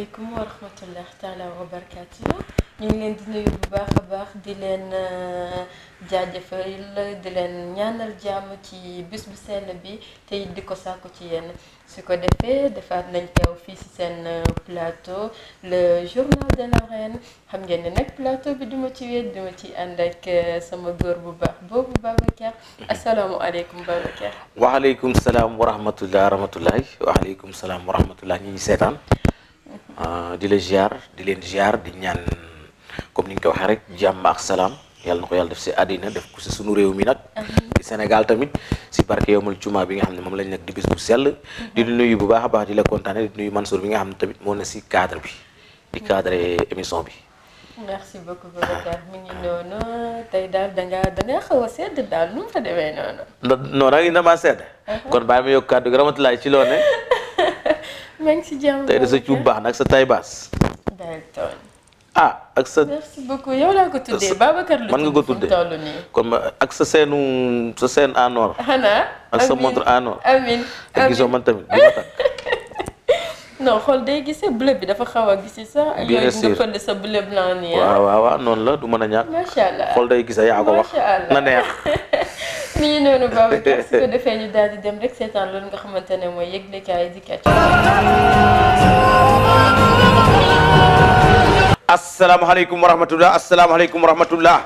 asalaamaaleykum wa rahmatullah taala wa barakaatu ñu ngi leen di nuyu bu baax a baax di leen euh, jaajëfal di leen ñaanal jàmm ci bis bu sell bi te it di ko sàkku ci yenn su ko defee defaat nañ teew fii si seen euh, plateau le journal de la reine xam ngeen ne nag plateau bi duma ci wéet duma ci ànd ak euh, sama góor bu baax boobu Babacar asalaamualeykum Babacar. waaleykum salaam wa rahmatullah rahmatullah waaleykum salaam wa rahmatullah ñu ngi seetaan. Euh, di la ziar di leen ziar di ñaan comme ni nga ko waxee rek jàmm ak salaam yàlla na ko yàlla def si àddina def ko si sunu réew mi nag. ci Sénégal tamit si barke yowmal juma bi nga xam ne moom lañ nekk di bis bu sell. di nuyu bu baax a baax di la kontaane di nuyu Mansour bi nga xam ne tamit moo ne si cadre bi. di cadre émission bi. merci beaucoup Babacar mi noonu tey daal da ngaa da a sedd daal nu mu fa demee noonu. non non nag damaa sedd. Uh-huh. kon bàyyi ma yokk kàddu gi ramatulaay loo maa ngi si jàmm tey sa cuub baax na ak sa taay baas. ah ak sa. merci yow laa ko tuddee Babacar lu mën nga ko tuddee comme ak sa seenu sa seen en or. ak sa montre en or. amiin gisoo man tamit bi ma takk. non xool day gisee bleu bi dafa xaw a gisee sax. bien sûr ak nga sa bleu blanc nii. Ah. waaw waaw noonu la du mën a ñàkk. macha xool day gisee yaa ko wax na neex. nii noonu Babacar su ko defee ñu daal di dem rek seetaan loolu nga xamante ne mooy yëglekaay yi di kàcc. asalaamaaleykum wa rahmatulah asalaamaaleykum wa rahmatulah.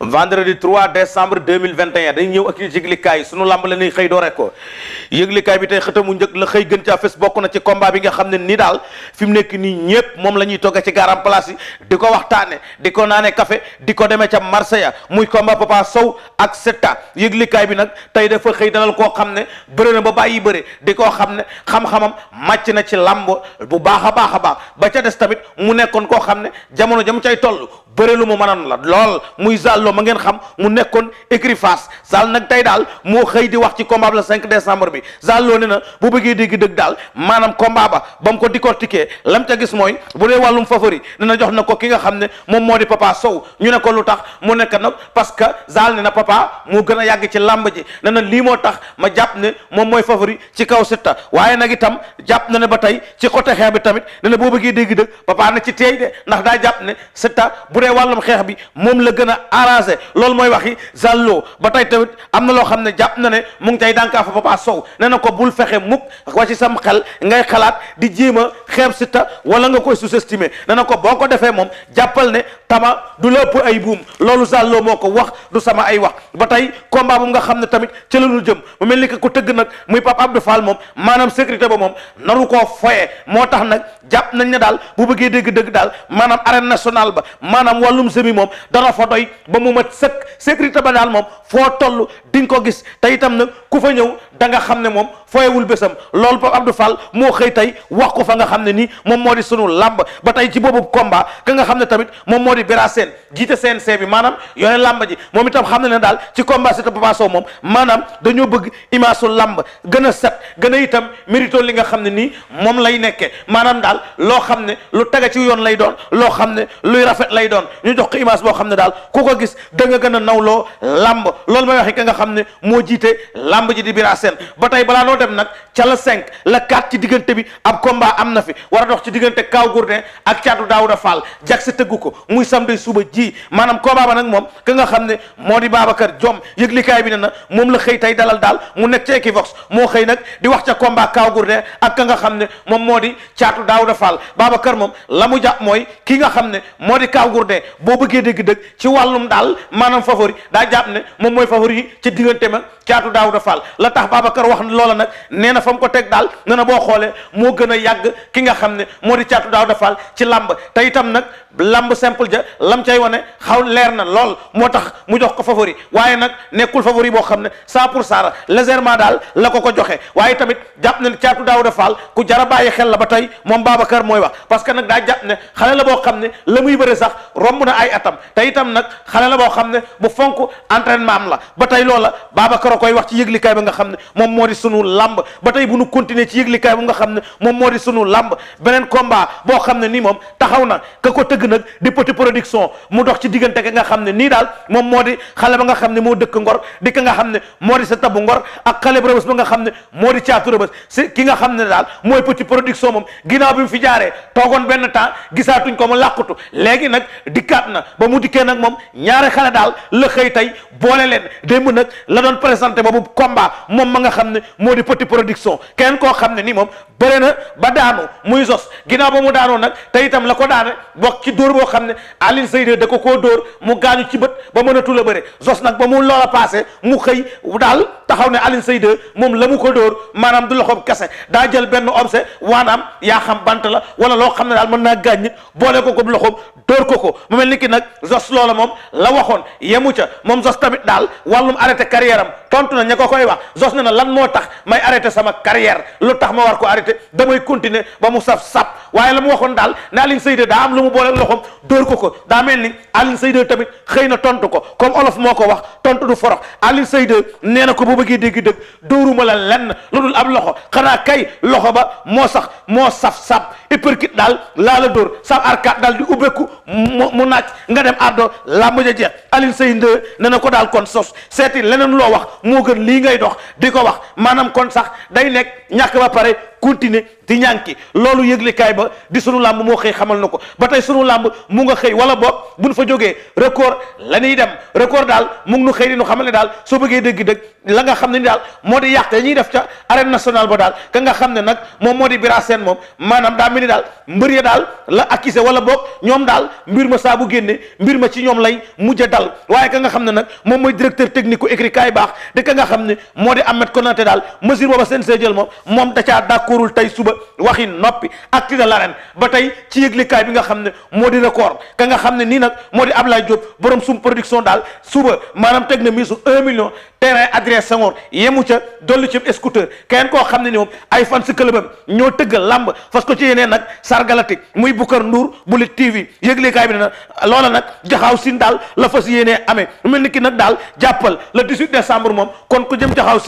vendredi 3 décembre 2021 dañuy ñëw ak yëglikaay sunu lamb la ñuy xëy doore ko yëglikaay bi tey xëtamu njëkk la xëy gën caa fes bokk na ci combat bi nga xam ne ni daal fi nekk nii ñépp moom la ñuy togga ci garam place yi di ko waxtaane di ko naane café di ko demee ca marché ya muy combat Papa Sow ak Seta yëglikaay bi nag tey dafa xëy dalal koo xam ne bëre na ba bàyyi bëre di koo xam ne xam-xamam màcc na ci lamb bu baax a baax a baax ba ca des tamit mu nekkoon koo xam ne jamono jam cay toll bëre lu mu mënoon la lool muy Zallo ma ngeen xam mu nekkoon écrit face nag tey daal moo xëy di wax ci combat bi le 5 décembre bi Zallo ne na bu bëggee dégg dëgg daal maanaam combat ba ba mu ko décortiquer lam ca gis mooy bu dee wàllum favori ne jox na ko ki nga xam ne moom moo di Papa Sow ñu ne ko lu tax mu nekk nag parce que Zal ne na papa moo gën a yàgg ci làmb ji ne na lii moo tax ma jàpp ne moom mooy favori ci kaw Siteu waaye nag itam jàpp na ne ba tey ci côté xeex bi tamit ne na bëggee dégg dëgg papa na teey de ndax daa jàpp ne Siteu dee wàllum xeex bi moom la gën a arrangé loolu mooy waxi ba tey tamit na loo xam ne jàpp na ne mu ngi tey dànkaafa Papa Sow nee na ko bul fexe mukk wa ci sam xel ngay xalaat di jéem a xeeb Siteu wala nga koy sous-estimer nee ko boo ko defee moom jàppal ne tama du la ëpp ay buum loolu zàlloo moo ko wax du sama ay wax ba tey combat bu nga xam ne tamit ci la jëm mu mel ni que ko tëgg nag muy Pape Abdou Fall moom maanaam sécurité ba moom naru koo foye moo tax nag jàpp nañ ne daal bu bëggee dégg dëgg daal maanaam arène nationale ba maanaam maanaam wàllum semi moom dana fa doy ba mu mat sëkk sécurité ba daal moom foo toll di nga ko gis te itam nag ku fa ñëw da nga xam ne moom fooyewul bésam loolu Pape Abdou Fall moo xëy tey wax ko fa nga xam ne nii moom moo di sunu làmb ba tey ci boobu combat ka nga xam ne tamit moom moo di Bira Sène jiite seen CNC bi maanaam yore làmb ji moom itam xam ne ne daal ci combat si te moom maanaam dañoo bëgg image su làmb gën a set gën a itam mérito li nga xam ne nii moom lay nekkee maanaam daal loo xam ne lu taga ci yoon lay doon loo xam ne luy lay doon yoon ñu jox ko image boo xam ne daal ku ko gis da gën a nawloo làmb loolu may waxee ka nga xam ne moo jiite làmb ji di bira seen ba tey balaa noo dem nag ca la cinq la quatre ci diggante bi ab combat am na fi war a dox ci diggante Kaw Gourdin ak Caatu Daawuda Fall jag sa tëggu ko muy samedi suba ji maanaam combat ba nag moom ka nga xam ne moo di Babacar Diom yëglikaay bi ne na moom la xëy tey dalal daal mu nekk ci Equivox moo xëy nag di wax ca combat Kaw Gourdin ak ka nga xam ne moom moo di Caatu Daawuda Fall Babacar moom la mu jàpp mooy ki nga xam ne moo di Kaw Gourdin de boo bëggee dégg-dëgg ci wàllum daal maanam favori daa jàpp ne moom mooy favori yi ci diggante ma caatu Daawuda Fall la tax Babacar wax loola nag nee na fa ko teg daal nee na boo xoolee moo gën a yàgg ki nga xam ne moo di caatu Daawuda Fall ci làmb te itam nag lamb simple ja lam cay wane xaw leer na lool moo tax mu jox ko favori waaye nag nekkul favori boo xam ne cent pour cent légèrement daal la ko ko joxe waaye tamit jàpp na ne caatu Daawda Fall ku jara bàyyi xel la ba tey moom Babacar mooy wax parce que nag daa jàpp ne xale la boo xam ne la muy bëre sax romb na ay atam te itam nag xale la boo xam ne bu fonk entraînement am la ba tey loola Babacar a koy wax ci yëglikaay bi nga xam ne moom moo di sunu lamb ba tey bu nu continuer ci yëglikaay bi nga xam ne moom moo di sunu lamb beneen combat boo xam ne ni moom taxaw na dëgg nag di Petit Production mu dox ci diggante ki nga xam ne nii daal moom moo di xale ba nga xam ne moo dëkk ngor di ki nga xam ne moo di sa xam ne moo di caatu rëbës si ki nga xam ne daal mooy Petit Production moom ginnaaw bi mu fi jaaree toogoon benn temps gisaatuñ ko mu làqutu léegi nag di dikkaat na ba mu dikkee nag moom ñaari xale daal la xëy tey boole leen démb nag la doon présenté boobu combat moom ma nga xam ne moo di Petit Production kenn koo xam ne nii moom bëre na ba daanu muy sos ginnaaw ba mu daanoo nag te itam la ko daane bokk ci dóor boo xam ne Alioune Seye 2 da ko koo dóor mu gaañu ci bët ba mënatul a bëre Zoss nag ba mu loola passé mu xëy daal taxaw ne Alioune Seye 2 moom la mu ko dóor maanaam du loxoom kese daa jël benn obse waanaam yaa xam bant la wala loo xam ne daal mën naa gàññ boole ko ko loxoom dóor ko ko mu mel ni ki nag Zoss loola moom la waxoon yemu ca moom Zoss tamit daal wàllum arrêté carrière am tontu na ña ko koy wax Zoss ne na lan moo tax may arrêté sama carrière lu tax ma war ko arrêté damay continuer ba mu saf sap waaye la mu waxoon daal ne Alioune Seye 2 daa am lu mu boole loxoom dóor ko ko daa mel ni Alioune Seye 2 tamit xëy na tontu ko comme olof moo ko wax tontu du forox Alioune Seye 2 nee na ko bu bëggee dégg dëgg dooruma la lenn lu dul ab loxo xanaa kay loxo ba moo sax moo saf sab uppercut daal laa la dóor sab arkaat daal di ubbeeku mu mu naaj nga dem àddoo laa mujj a jeex Alioune Seye 2 nee na ko daal kon sos seeti leneen loo wax moo gën lii ngay dox di ko wax maanaam kon sax day nekk ñàkk ba pare. continuer di ñànki loolu yëglikaay ba di sunu làmb moo xëy xamal na ko ba tey sunu làmb mu nga xëy wala boog buñ fa jógee record la ñuy dem record daal mu ngi nu xëy di nu xamal ne daal soo bëggee dëgg-dëgg la nga xam ne daal moo di yàq ya ñuy def ca arène nationale ba daal ka nga xam ne nag moom moo di Bira Sène moom maanaam daa mel ni daal mbër ya daal la accusé wala boog ñoom daal mbir ma saa bu génne mbir ma ci ñoom lay mujj dal waaye ka nga xam ne nag moom mooy directeur technique ku écrit kaay baax de ka nga xam ne moo di Ahmed Konaté daal mesure booba seen see jël moom moom da caa d'accordul tey suba waxi noppi ak ci la ren ba tey ci yëglikaay bi nga xam ne moo di record ka nga xam ne nii nag moo di Ablaye Diop borom sum production daal suba maanaam teg na mise su un million terrain adresse Senghor yemu ca dolli ci scooter keneen koo xam ne ni moom ay fan si clubam ñoo tëgg lamb fas ko ci yeneen nag sargalati muy Bukar Ndour bu Lutte TV yëglikaay bi ne nag loola nag jaxaaw sin daal la fas yéenee amee mel ni ki nag daal jàppal le 18 décembre moom kon ku jëm jaxaaw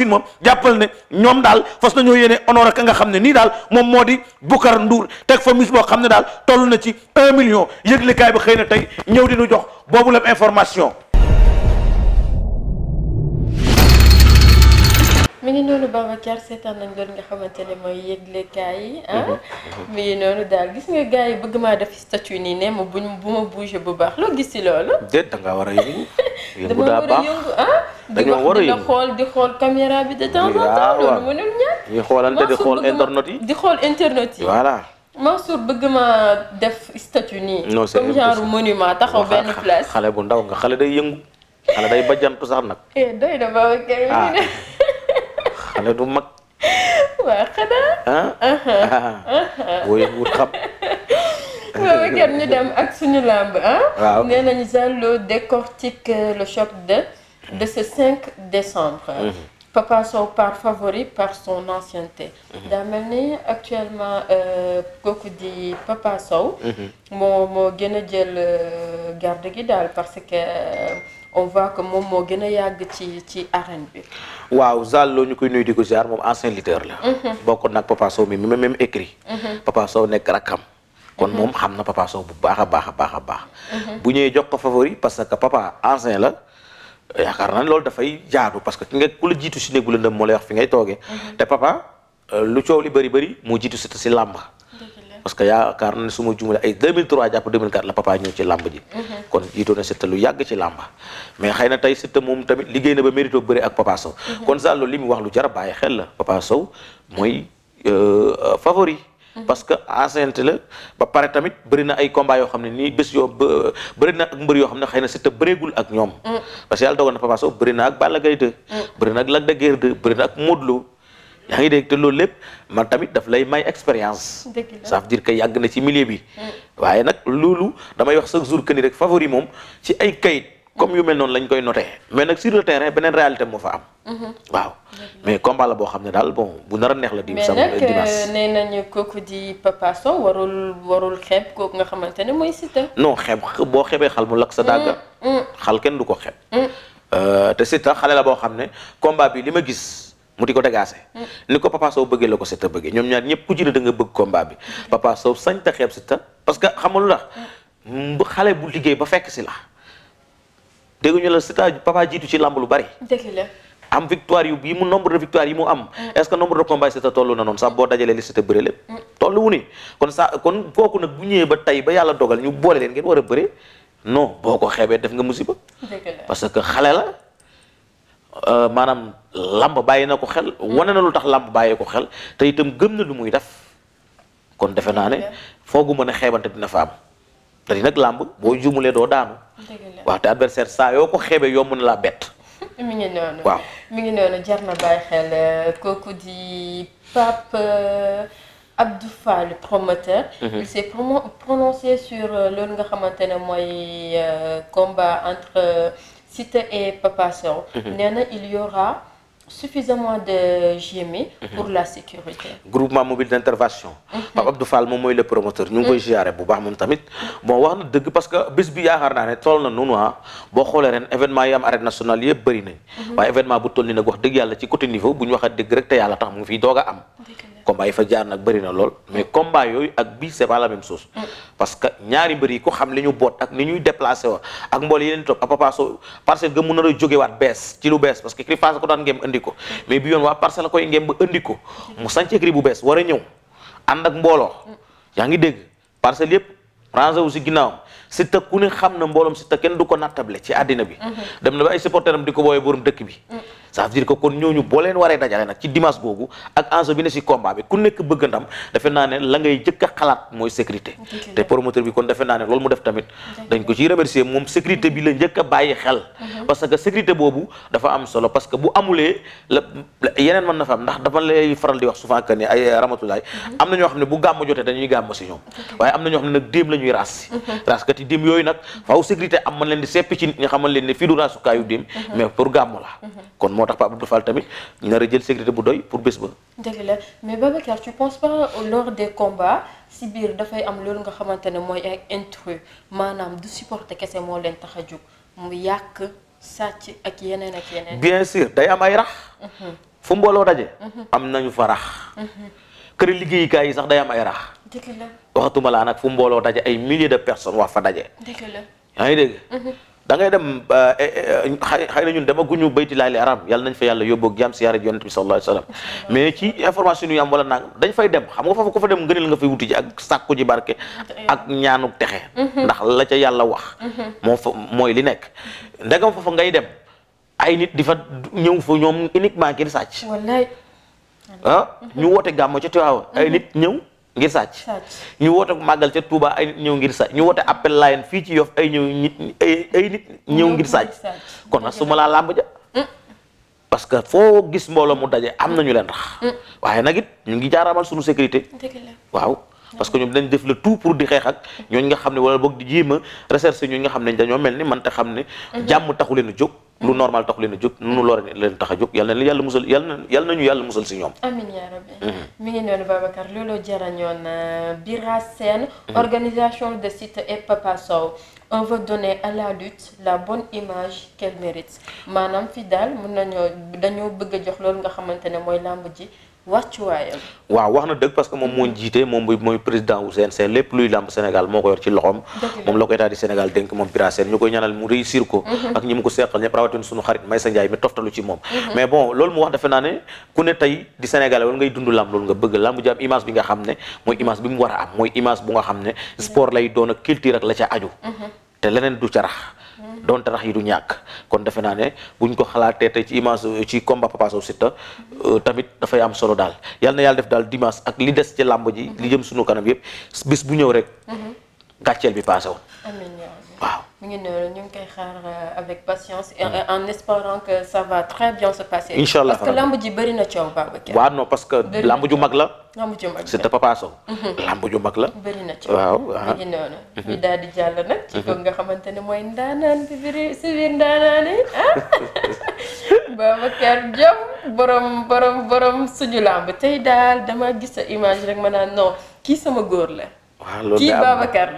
nii daal moom moo di Boucar Ndour teg fa mis boo xam ne daal toll na ci un million yëglekaay bi xëy na tey ñëw di nu jox boobu la information. mi ngi noonu Babacar seetaan nañ loolu nga xamante ne ah? mhm. daal gis nga gars yi bëgg maa def statut ni ne bu ma bougé bu baax loo gis ci loolu. déet da war a yëngu yëngu daa baax dañoo war a yëngu ah? Ah? di xool di xool caméra bi de temps en temps loolu mënul di xool internet yi di xool internet yi voilà Mansour bëgg ma def statut nii comme genre monument taxaw benn place xale bu ndaw nga xale day yëngu xale day bajjantu sax nag eh, doy na ba kay ah. xale du mag waa xanaa ah uh-huh. boo yënguwut le week-end ñu dem ak suñu làmb ah. waaw nee nañu Zale Lo décortique euh, le choc de de ce 5 décembre. Mhm. Papa Sow part favori par son ancienneté. Mhm. daa mel ni actuellement euh, kooku di Papa Sow. Mhm. moo moo gën a jël euh, garde gi daal parce que on voit que moom moo gën a yàgg ci ci arène bi. waaw Zale Lo ñu koy nuyu di ko ziar moom ancien leader la. bokkoon nag Papa Sow mi même écrit. Papa Sow nekk rakkam. kon mhm. moom xam na papa Sow bu baax a baax a baax a baax. Mhm. bu ñëwee jox ko favori parce que papa ancien la yaakaar naa ne loolu dafay jaadu parce que ki nga ku la jiitu si néegu lëndëm moo lay wax fi ngay toogee. Mhm. te papa euh, lu coow li bari bëri mu jiitu si si làmb. parce que yaakaar na suma su ma jumale ay 2003 jàpp 2004 la papa ñëw ci làmb ji. kon jiitoo na Siteu lu yàgg ci làmb mais xëy na tey Siteu moom tamit liggéey na ba mérito bëri ak papa Sow. kon sax li mu wax lu jar bàyyi xel la papa Sow mooy euh, favori. parce que ancienneté la ba pare tamit bëri na ay combat yoo xam ne nii bés yoo bëri na ak mbër yoo xam ne xëy na Siteu bëreegul ak ñoom mm. parce que yàlla dogal na Papa Sow ak Balla Gaye 2 mm. bëri ak Lac de Guiers ak Modou Lo yaa ngi dégg te loolu lépp man tamit daf lay may expérience ça veut dire que yàgg na ci milieu bi mm. waaye nag loolu damay wax chaque jour que ni rek favori moom ci ay kayit comme yu mel noonu lañ koy noté mais nag sur le terrain moo fa am. Mhm. waaw mais combat la boo xam ne daal bon bu nar a neex la. di sam dimanche mais nag euh, nee nañu kooku di Papa Sow warul xeeb kooku nga xamante ne mooy Siteu. non xeeb boo xeebee xal mu lakk sa dàgga. Mm, mm. xal kenn du ko xeeb. Mm. Euh, te Siteu xale la boo xam ne combat bi li ma gis. mu di ko dagaase. ni ko Papa Sow bëggee la ko Siteu bëggee ñoom ñaar ñëpp ku ci ne da nga bëgg combat bi. Papa Sow sañ ta xeeb Siteu ba fekk si dégguñu la cest à jiitu ci làmb lu bari. dëgg am victoire yi mu nombre de victoire yi mu am. Mm. est-ce que nombre de combats yi tollu na noonu sax boo dajalee li c'était bëre lépp. Mm. tollu wu ni kon sa kon kooku nag bu ñëwee ba tey ba yàlla dogal ñu boole leen ngeen war a bëre non boo ko xeebee def nga musiba. parce que xale la. Euh, maanaam lamb bàyyi na ko xel mm. wane na lu tax làmb bàyyi ko xel te itam gëm na lu muy def kon defe naa ne foogu mën a xeebante dina fa am te nag lamb boo jumulee doo daanu waaw te adversaire saa yoo ko xeebee yoo mën laa bett. mi ngi noonu waaw mi ngi noonu jar na bàyyi xel euh, kooku di Pape euh, Abdou Fall promoteur. Mhm. il s'est prononcé sur euh, loolu nga xamante ne mooy combat entre Siteu et Papa Sow. Mhm. nee il y aura. suffisamment de GMI e mhm. pour la sécurité. groupement mobile d'intervention. Mhm. Pape Abdou Fall moom mooy le promoteur ñu ngi koy mhm. ziare bu baax moom tamit moo wax na dëgg parce que bis bi yaakaar naa ne toll na noonu ah boo xoolee ren événement yi am arène nationale yëpp bëri nañ waaye événement bu toll nii nag wax dëgg yàlla ci côté niveau bu ñu waxee dëgg rek te yàlla tax mu ngi fiy am. combat yi fa jaar nag bëri na lool mm. mais combat yooyu ak bii c'est pas mm. parce que ñaari mbër yi ko xam li ñu boot ak ni ñuy déplacé wa ak mbool yi leen topp à Papa Sow parcelle ga mun bees ci lu bees parce que Cri ko daan ngem andi mm. mais bi yoon waa parcelle la koy ba andi ko mu sànc Cri bu bees war a ñëw ànd ak mbooloo yaa ngi dégg parcelle yëpp rangé wu si ginnaawam Siteu ku ne xam na mbooloom Siteu kenn du ko nattable ça veut dire que kon ñooñu boo leen waree dajale nag ci dimanche googu ak enjeu bi ne si combat bi ku nekk bëgg ndam defe naa ne la ngay jëkk a xalaat mooy sécurité te promoteur bi kon defe naa ne mu def tamit dañ ko ciy remercier moom sécurité bi la njëkk bàyyi xel mhm. parce que sécurité boobu dafa am solo parce que bu amulee la yeneen mën na fa am ndax dafa lay faral di wax souvent que ni ay euh, ramatulaay mhm. am na ñoo xam ne bu gàmm jotee dañuy gàmm si ñoom waaye am na ñoo xam ne nag déem la ñuy raas si mhm. raas kat yi déem yooyu nag faaw sécurité am man leen di seppi ci nit ñi xamal leen ne fii du raasukaayu déem mais pour gàmm la moo tax Pape Abdou Fall tamit ñu jël sécurité bu doy pour bés ba. dëgg la mais Babacar tu penses pas lors des combats si biir dafay am loolu nga xamante ne mooy ay intrus maanaam du supporter kese moo leen tax a jóg mu yàq sàcc ak yeneen ak yeneen. bien sûr day am ay rax. Mhm. fu mbooloo daje. Mhm. am nañu fa rax. Mhm. kër liggéeyukaay yi sax day am ay rax. dëgg la waxatuma laa nag fu mbooloo daje ay milliers de personnes wax fa daje. dëgg dégg. dangay dem dem euh, eh, eh, euh, xëy na ñun demaguñu bayti laali arab yàlla nañ fa yàlla yóbboo ak jàmm si yaara yonent bi sallallahu alayhi mais ci information yu am wala dañ fay dem xam nga foofu ko fa dem ngëneel nga fay wuti ji ak sàkku ji barke ak ñaanu texe mhm. ndax la ca yàlla wax mhm. moo fa mooy li nekk ndegam foofa ngay dem ay nit di fa ñëw foo ñoom uniquement ngir sàcc wallaay ah, ñu woote gàmmo ca Tiwaawan ay mhm. nit ñëw ngir sàcc ñu woote màggal ca Touba ay nit ñëw ngir sàcc ñu woote appel Layène fii ci Yoff ay ñëw nit ay nit ñëw ngir sàcc kon nag su ma laa làmb ja mm. parce que foo gis mbooloo mu daje am na ñu leen rax mm. waaye nag it ñu ngi jaaraamal suñu sécurité waaw parce que ñoom dañ def le tout pour di xeex ak ñooñ nga xam ne wala boog di jéem ma recherche ñooñ nga xam ne dañoo mel ni man te xam ne mm-hmm. jàmm taxu leen a jóg lu normal tax leen a jóg nu lor leen tax a jóg yal na yàlla musal yal na ñu nañu yàlla musal si ñoom. amiin yaa rabbi. Mhm. mi ngi noonu Babacar looloo jarañoon euh, Bira Sène. Mhm. organisation de site et Papa un on veut donner à la lutte la bonne image qu'elle mérite maanaam fii daal mun nañoo dañoo bëgg a jox loolu nga xamante ne mooy làmb ji. wàccuwaayam waaw wax na dëgg parce que moom moo jiite moom mooy président wu CNG lépp luy làmb Sénégal moo ko yor ci loxoom moom la ko état du Sénégal dénk moom Bira Sène ñu koy ñaanal mu réussir ko mm-hmm. ak ñi mu ko seqal ñëpp rawatina suñu xarit Maysa Ndiaye mi toftalu ci moom mm-hmm. mais bon loolu mu wax defe naa ne ku ne tey di Sénégal wala ngay dund làmb loolu nga bëgg làmb ji image bi nga xam ne mooy image bi mu war a am mooy image bu nga xam ne sport lay doon ak culture ak la ca aju mm-hmm. te leneen du ca rax donte rax yi du ñàkk kon defe naa ne bu buñ ko xalaatee te ci image ci combat Papa Sow euh, tamit dafay am solo daal yàlla na yàlla def daal dimanche ak li des ci làmb ji li jëm sunu kanam yëpp bis bu ñëw rek mhm. gàcceel bi paase waaw mu ngi noonu ñu ngi koy xaar euh, avec patience et euh, en espérant que sa va très bien se passer. incha allah parce que lamb ji bëri na coow Babacar. waaw non parce que lamb ju mag la. lamb ju mag la mhm. mag la. bëri na coow waaw mu mhm. daal di jàll nag. Mhm. nga xamante ne mooy ndaanaan bi biir si biir ah. borom borom borom suñu lamb tey daal dama gis sa image rek ma naan non kii sama góor la. waaw loolu kii Babacar.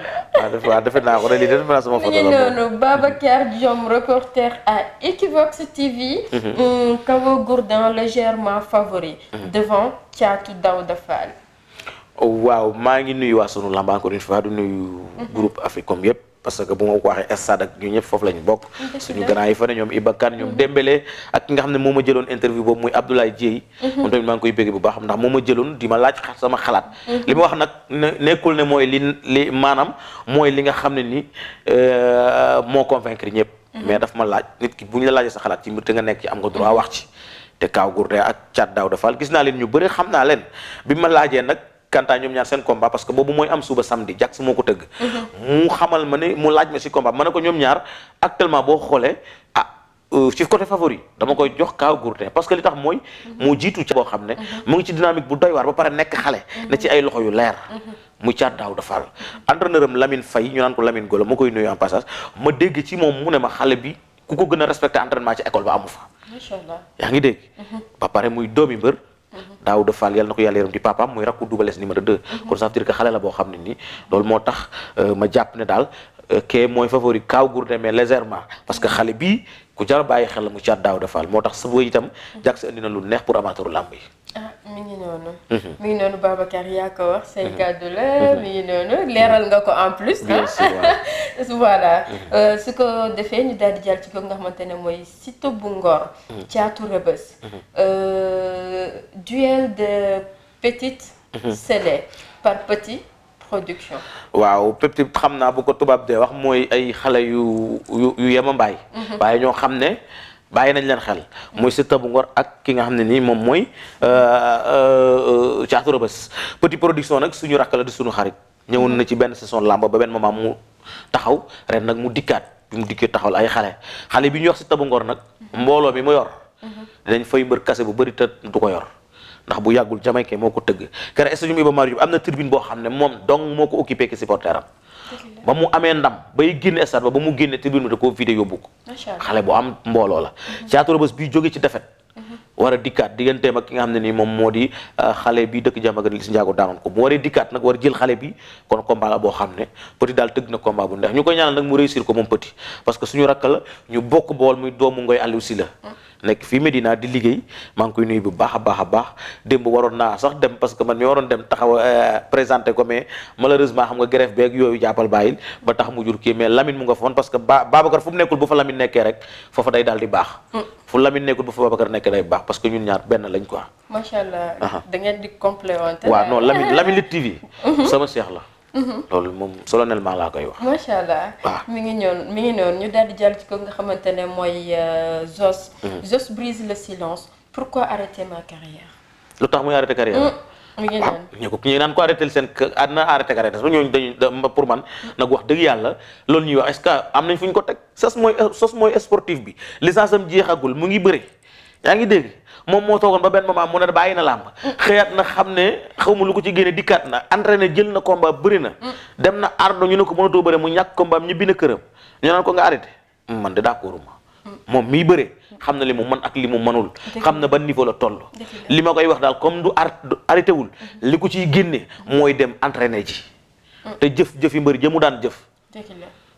defe naa ko de defe naa sama photo la mu ngi noonu reporter à Equivox TV. Mhm. Mm, Kawo Gourdin légèrement favori. Mhm. devant Thiatou Daouda Fall. waaw maa ngi nuyu waa sunu lamb encore une du nuyu. Mhm. groupe Africom yëpp. parce que bu ma ko waxee stade ak ñu ñëpp foofu lañu bokk suñu grand yi fa ne ñoom Iba Kane ñoom Dembélé ak nga xam ne moo ma jëloon interview boobu muy Abdoulaye Dieye mhm. moom tamit maa ngi koy bëgg bu baax ndax moo ma jëloon di ma laaj sama xalaat mhm. li ma wax nag nekkul ne mooy li li maanaam mooy li nga xam ne ni euh, moo convaincre ñëpp mhm. mais dafa ma laaj nit ki bu ñu la laajee sa xalaat ci mbir te nga nekk ci am nga droit wax ci te Kaw Gourdin ak Thiat Daouda Fall gis naa leen ñu bëri xam naa leen bi ma laajee nag Kanta ñoom ñaar seen combat parce que boobu mooy am suba samedi Jax moo ko tëgg. Mhm. mu xamal ma ne mu laaj ma si combat ma ne ko ñoom ñaar actuellement boo xoolee ah euh, ci côté favori dama koy jox Kaaw Gourdin parce que li tax mooy. Mhm. mu jiitu ca boo xam ne. Mhm. mu ngi ci dynamique bu doy waar ba pare nekk xale. ne ci ay loxo yu leer. mu caat daaw dafal entraîneur am Lamine Faye ñu naan ko Lamine Golo ma koy nuyu en passage ma dégg ci moom mu ne ma xale bi ku ko gën a respecté entraînement ci école ba amu fa. daaw Fall yàlla na ko yàlla yaram di papaam muy rakku Double Less numéro 2 mhm. kon ça veut dire que xale la boo xam ne nii loolu moo tax euh, ma jàpp ne daal euh, kee mooy favori kaaw gourde mais légèrement parce que xale bii ku jar bàyyi xel la mu caat Daouda Fall moo tax sa itam mhm. jàk si andi na lu neex pour amateur làmb yi ah mi ngi noonu. Mhm. mi ngi noonu Babacar yaa ko wax say gàddu mhm. la mhm. mi ngi noonu leeral nga ko en plus. bien ah. sûr voilà. Euh, su ko defee ñu daal di jàll ci ko nga xamante ne mooy Siteu bu Ngor. caatu Rebeuss. duel de petite. scellé par petit. production. waaw petit xam naa bu ko tubaab dee wax mooy ay xale yu yu yu yemambaay. waaye ñoo xam ne. bàyyi nañ leen xel mooy Siteu bu Ngor ak ki nga xam ne nii moom mooy Caatu Rëbës Petit Production nag suñu rakk la di suñu xarit ñëwoon na ci benn saison làmba ba benn moment mu taxaw ren nag mu dikkaat bi mu dikkee taxawal ay xale xale bi ñuy wax Siteu bu Ngor nag mbooloo mi mu yor dinañ fay mbër kase bu bari te du ko yor ndax bu yàggul jamaykee moo ko tëgg kere stadium Iba Mar Diop am na tribune boo xam ne moom dong moo ko occupé ki supporter am ba mu amee ndam bay génne stade ba ba mu génne tribune bi da koo vidéo yóbbu ko xale bu am mbooloo la mhm. Thiatou Rebeuss bi jóge ci defet mhm. war a dikkaat digganteem ak ki nga xam ne nii moom moo di euh, xale bi dëkk jàmm ak Liss Ndiago daanoon ko bu waree dikkaat nag war a jël xale bi kon combat la boo ko a a man mi waroon dem taxaw euh, présenté ko mais malheureusement xam nga grève beeg yooyu jàppal bàyyil ba tax jur kii mais Lamine mu nga fa woon parce fu nekkul bu fa Lamine nekkee rek foofa day daal di baax mm. fu Lamine nekkul bu fa Babacar nekkee day baax parce ñun ñaar benn lañ quoi macha allah da ngeen di compléter TV sama seex loolu moom solennellement laa koy wax. macha allah waaw mi ngi ñëw mi ngi noonu ñu daal di jàll ci ko nga xamante ne mooy Zos. Euh, Zos mm. brise le silence pourquoi arrêter ma carrière. lu tax muy arrêter carrière. Mm. mi ngi noonu ñu ko ñu naan ko arrêté seen àddina ah, arrêté carrière su ñooñu dañuy pour man nag wax dëgg yàlla loolu ñuy wax est-ce que am nañ fu ñu ko teg sas mooy sas mooy sportive bi licence am jeexagul mu ngi bëri. yaa ngi dégg moom moo toogoon ba benn moment mu ne bàyyi na làmb xëyaat na xam ne xaw ma lu ko ci génne dikkaat na entraîné jël na combat bëri na. Mm. dem na ardo ñu ne ko mënatoo bëre mu ñàkk combat am ñibbi na këram ñu naan ko nga arrêté mm, man de d'accord ma mm. moom miy bëre xam na li mu man ak li mu mënul. xam na ban niveau la toll. li ma koy wax daal comme du arrêté wul. Mm-hmm. li ko ciy génne mooy dem entraîné ji. te jëf jëf yu mbëri mu daan jëf.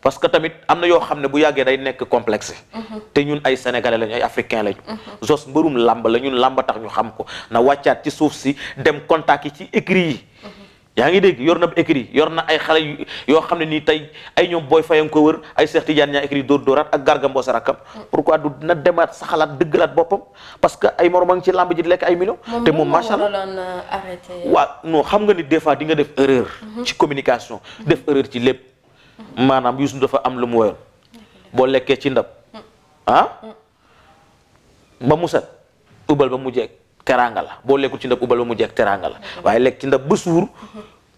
parce que tamit am na yoo xam ne bu yàggee day nekk complexe. Mhm. te ñun ay sénégalais lañu ay africain lañu. Mhm. jos mbërum làmb la ñun làmb tax ñu xam ko na wàccaat ci suuf si dem contact yi ci écrit yi. Mhm. yaa ngi dégg yor na écrit yor na ay xale yoo xam ne nii tey ay ñoom booy fayam ko wër ay Cheikh Tidiane ñaa écrit dóor dóoraat ak Garga Mbossé rakkam pourquoi du na demaat saxalaat dëggalaat boppam parce que ay morom a ngi ci làmb ji di lekk ay millions. te moom macha allah euh, waaw non xam nga ni des fois di nga def erreur. ci communication def erreur ci lépp. maanaam Youssou dafa am lu mu woyoon boo lekkee ci ndab ah ba mu set ubal ba mu jeeg teraanga la boo lekkul ci ndab ubal ba mu jeeg teraanga la waaye lekk ci ndab ba suur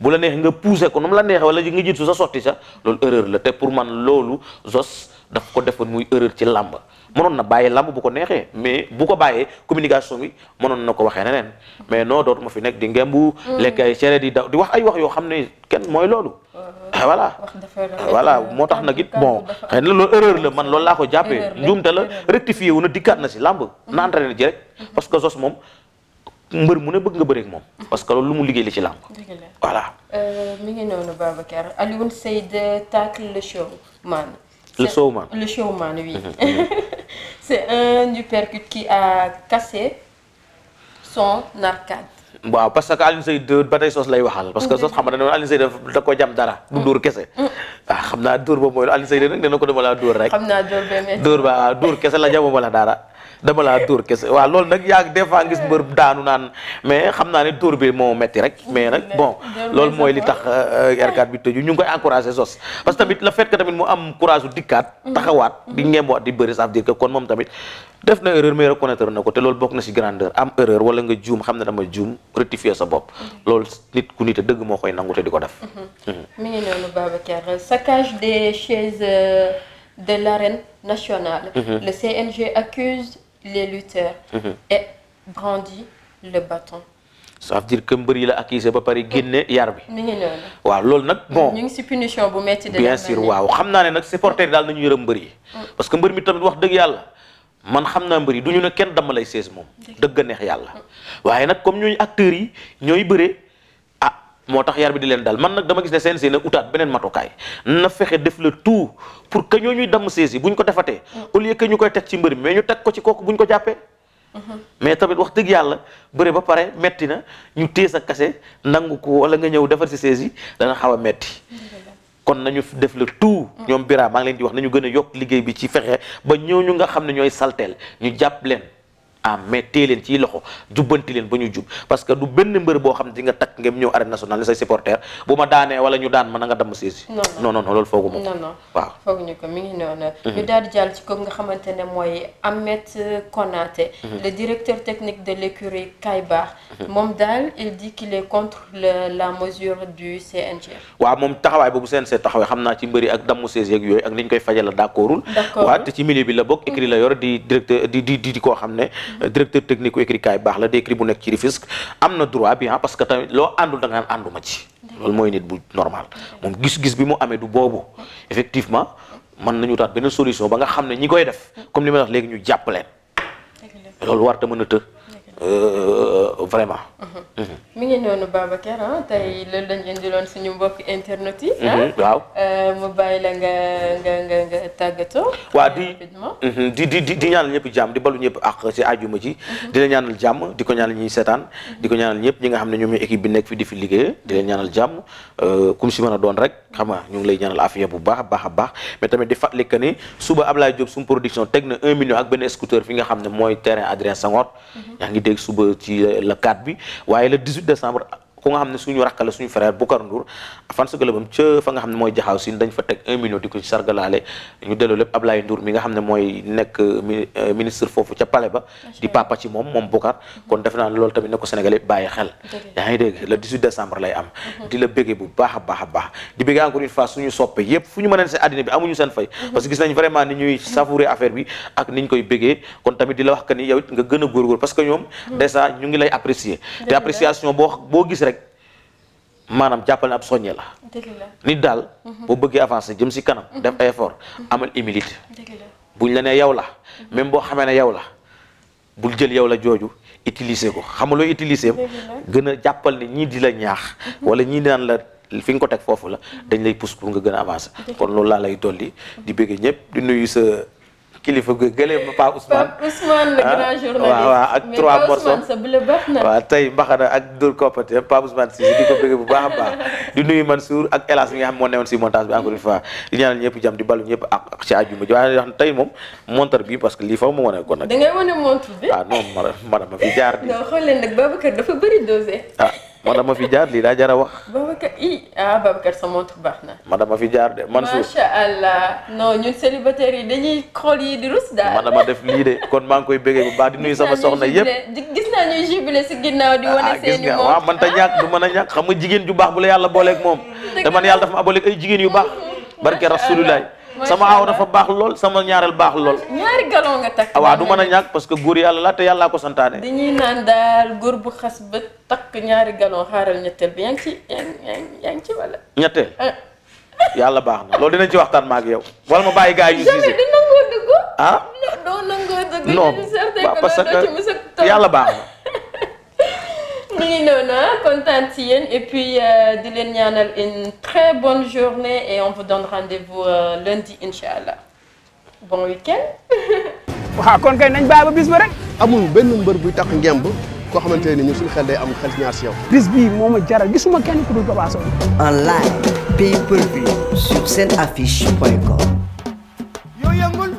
bu la neexee nga poussé ko nu mu la neexee wala nga jiitu sa sotti sa loolu erreur la te pour man loolu Zos daf ko defoon muy erreur ci làmba manoon na bàyyi lamb bu ko neexee mais bu ko bàyyee communication bi mënoon na ko waxee neneen mais noo dootuma fi nekk di ngembu. Mm. lekk ay cere di daw di wax ay wax yoo xam ne kenn mooy loolu. Uh-huh. Ah, voilà ah, voilà moo tax nag it bon xëy na loolu erreur la man loolu laa ko jàppee njuumte la rectifié wu na dikkaat na si lamb mm-hmm. na entraîné ji rek mm-hmm. parce que Zoss moom. mbër mu ne bëgg nga bëreek moom mm-hmm. parce que loolu lu mu liggéey li ci làmb voilà euh, mi ngi noonu Babacar Alioune Seye Le showman. Le showman, oui. Mhm. c'est un du percute qui a cassé son arcade. waaw parce que Alioune Seye de ba tey sos lay waxal. parce que mhm. sos xam nga ne Alioune Seye da ko jam dara. du dóor kese. Mhm. ah xam naa dóor boobu mooy Alioune Seye nag nee na ko dama laa dóor rek. xam naa dóor ba métti. ba dóor kese la jamono wala dara. dama laa dóor kese waaw loolu nag yaa des fois ngis mbër daanu naan mais xam naa ne dóor bi moo metti rek mais nag mm-hmm. bon loolu mooy li tax euh, R4 bi tëju ñu ngi koy encouragé sos parce que tamit la fait que tamit mu am courage u dikkaat mm-hmm. taxawaat mm-hmm. di ngemboot di bëri ça dire que kon moom tamit def na erreur mais reconnaître na ko te loolu bokk na ci grandeur am erreur wala nga juum xam ne dama juum rectifier sa bopp loolu nit ku nite dëgg moo koy nangu di ko def mi ngi noonu Babacar saccage des euh, les lutteurs. Mhm. et brandit le que mbër yi la accusé ba pare génne yar bi. mi ngi loolu. waaw loolu nag bon ñu ngi si bu métti. de bien sûr waaw xam naa ne nag supporter daal nañu yërëm mbër yi. Mm. parce que mbër mi tamit wax dëgg yàlla. man xam naa mbër yi du ñu ne kenn damm lay sees moom. dëgg neex yàlla. Mm. waaye nag comme ñooñu acteurs yi ñooy bëree. moo tax yar bi di leen dal man nag dama gis ne CNG nag utaat beneen matukaay na fexe def le tout pour que ñoo ñuy damm saisi bu ñu ko defatee au lieu que ñu koy teg ci mbër mi mais ñu teg ko ci kooku bu ñu ko jàppee mais tamit wax dëgg yàlla bëre ba pare metti na ñu téye sa kase nangu ko wala nga ñëw defar si saisi dana xaw a metti kon nañu def le tout ñoom biraa maa ngi leen di wax nañu gën a yokk liggéey bi ci fexe ba ñëw ñu nga xam ne ñooy salteel ñu jàpp leen ah mais téye leen ci loxo jubbanti leen ba ñu jub parce que du benn mbër boo xam ne di nga takk ngeen ñëw arène nationale ne say supporter bu ma daanee wala ñu daan ma na nga damm saisi non non non loolu foogu moom non non waaw fooguñu ko mi ngi noonu mhm. ñu daal di jàll ci ko nga xamante mhm. mhm. moom daal il dit qu'il est contre la mesure du CNG waaw moom taxawaay boobu CNG taxawaay xam naa ci mbëri ak damm saisi ak yooyu ak li ñu koy faje la d'accordul waaw te ci milieu bi la bokk écurie la yor di directeur di di di koo xam ne directeur technique ku écrit kaay baax la di bu nekk ci Rufisque am na droit bi ah parce que tamit loo àndul da nga naan ànduma ci loolu mooy nit bu normal moom gis-gis bi mu amee du boobu effectivement mën nañu taat benn solution ba nga xam ne ñi koy def hmm. comme li ma wax léegi ñu jàpp leen loolu war te mën a të Euh, euh, euh, vraiment. Uh-huh. Uh-huh. mu ngi noonu Babacar ah tey uh-huh. loolu lañ indiloon suñu mbokk internet yi. Ah. waaw mu bàyyi la nga nga nga nga tàggatoo. waaw di di di di ñaanal ñëpp jàmm di balu ñëpp ak si ajuma ji. di la ñaanal jàmm di ko ñaanal ñuy seetaan. di ko ñaanal ñëpp ñi nga xam ne ñoom ñooy équipe bi nekk fi di fi liggéey di jàmm kum si mën a doon rek xam nga ñu ngi lay ñaanal afiya bu baax baax a baax mais tamit di fàttali que ni suba Ablaye Diop suñu production teg na 1 million ak benn scooter fi nga xam ne mooy terrain Adrien Senghor. yaa ngi digganteeg suba ci euh, le 4 bi waaye le 18 décembre ku nga xam ne suñu rakk la suñu fan sa clubam dañ fa teg un million di ko sargalaale ñu delloo lépp Ablaye Ndour mi nga xam ne mooy nekk euh, ministre foofu ca palais ba di papa ci moom moom Boucar kon defe naa loolu tamit ne ko bàyyi xel yaa ngi dégg le 18 décembre lay am mhm. di la béggee bu baax a baax a baax di béggee encore une fois suñu soppe yépp fu ñu mën a seen àddina bi amuñu seen fay mhm. parce que gis nañ vraiment ni ñuy savourer affaire maanaam jàppal ne ab soññe la nit daal mhm. boo bëggee avancer jëm si kanam mhm. def ay effort mhm. amal humilité buñ la nee yow la même boo xamee ne yow la bul jël yow la jooju utiliser ko xam nga looy utiliser gën a jàppal ne ñii di la ñaax wala ñii daan la fi nga ko teg foofu la dañ lay pousse pour nga gën a avancer kon loolu laa lay dolli di bëgg ñëpp di nuyu sa kilifa gu gële Paa Ousmane. Paa Ousmane la ah, grand journaliste. tey mbaxana ak dóor koppate Paa Ousmane bu baax a baax di nuyu ak El Hadj moo newoon si montage bi encore ñëpp jàmm bi parce que lii foofu mu wane ko nag. bi. Ah, jaar dafa bëri dosé. Ah. man dama fi jaar lii daa jar a wax. Babacar i ah Babacar sa baax na. man dama fi jaar de man. macha allah non ñun célibataire yi dañuy xool yi di rus daal. man dama def lii de kon maa ngi koy bëggee bu baax di nuyu sama soxna yëpp. gis naa ñuy jubilé si ginnaaw di ah, wane seen moom man ta ñàkk du mën a ñàkk xam nga jigéen ju baax bu la yàlla booleeg moom. te man yàlla dafa ma aboleeg ay jigéen yu baax. barke rasulullah sama aw dafa baax lool sama ñaareel baax lool. ñaari galon nga takk. waaw du man a ñàkk parce que góor yàlla la te yàllaa ko santaane. dañuy naan daal góor bu xas ba takk ñaari galon xaaral ñetteel bi ngi ci yaa ngi ci ah. yàlla baax na loolu dinañ ci waxtaan ma ak yow. wala ma bàyyi gars yi ñu. jamais di nangoo dëgg. ah doo nangoo parce que yàlla baax na. ñu ngi noonu kontaan ci yéen et puis euh, di leen ñaanal une très bonne journée et on vous donne euh, lundi incha allah bon week-end. waaw kon kay nañ bàyyi ba bis ba rek. amul benn mbër buy tax ngemb. koo xamante ne ñun suñu xel day am xel ñaar si yow. bis bii moo ma jaral gisuma kenn ku dul Papa en live pay per view sur seen affiche com.